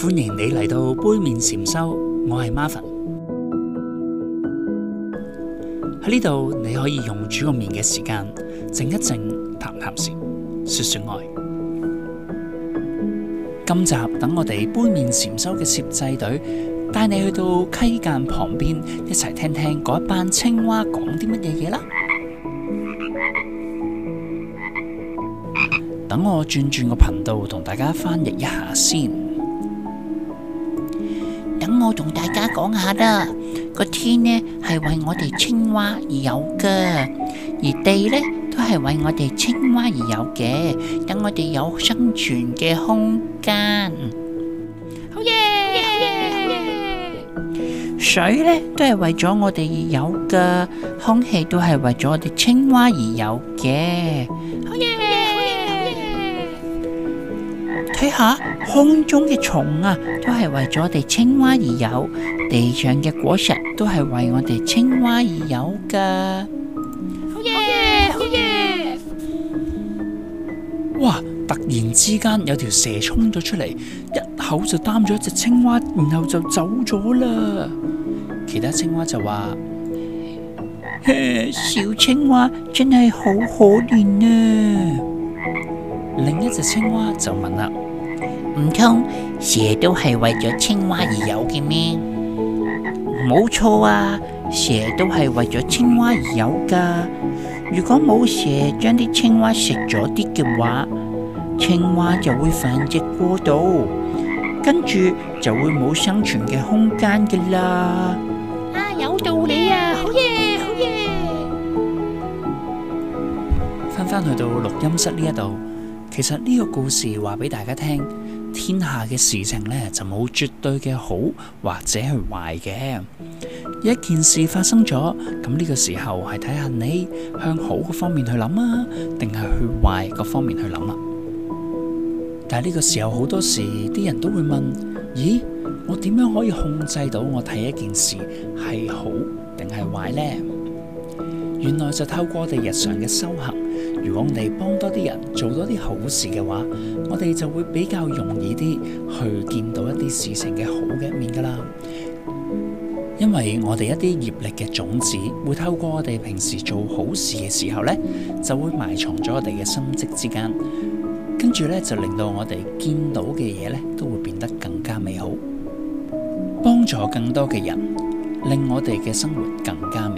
歡迎你嚟到杯麵禪修，我係 Marvin。喺呢度你可以用煮個麵嘅時間，靜一靜，談談事，說說愛。今集等我哋杯麵禪修嘅攝製隊帶你去到溪澗旁邊，一齊聽聽嗰一班青蛙講啲乜嘢嘢啦。等我轉轉個頻道，同大家翻譯一下先。咁我同大家講下啦，個天呢係為我哋青蛙而有嘅，而地呢都係為我哋青蛙而有嘅，等我哋有生存嘅空間。好耶！好耶！好耶！水呢都係為咗我哋而有嘅，空氣都係為咗我哋青蛙而有嘅。好耶！睇下空中嘅蟲啊，都係為咗我哋青蛙而有；地上嘅果實都係為我哋青蛙而有噶。好嘢，好嘢！哇！突然之間有條蛇衝咗出嚟，一口就擔咗一隻青蛙，然後就走咗啦。其他青蛙就話：小 yeah, 青蛙真係好可憐啊！另一隻青蛙就問啦，唔通蛇都係為咗青蛙而有嘅咩？冇錯啊，蛇都係為咗青蛙而有噶。如果冇蛇將啲青蛙食咗啲嘅話，青蛙就會繁殖過度，跟住就會冇生存嘅空間嘅啦。啊，有道理啊，好耶，好耶。翻返去到錄音室呢一度。其實呢個故事話俾大家聽，天下嘅事情呢就冇絕對嘅好或者係壞嘅。一件事發生咗，咁呢個時候係睇下你向好嘅方面去諗啊，定係去壞嘅方面去諗啦，啊。但係呢個時候好多時啲人都會問：「咦，我點樣可以控制到我睇一件事係好定係壞呢？」原來就透過我哋日常嘅修行，如果我哋幫多啲人做多啲好事嘅話，我哋就會比較容易啲去見到一啲事情嘅好嘅一面㗎喇。因為我哋一啲業力嘅種子，會透過我哋平時做好事嘅時候呢，就會埋藏咗我哋嘅心識之間，跟住呢，就令到我哋見到嘅嘢呢，都會變得更加美好，幫助更多嘅人，令我哋嘅生活更加美好。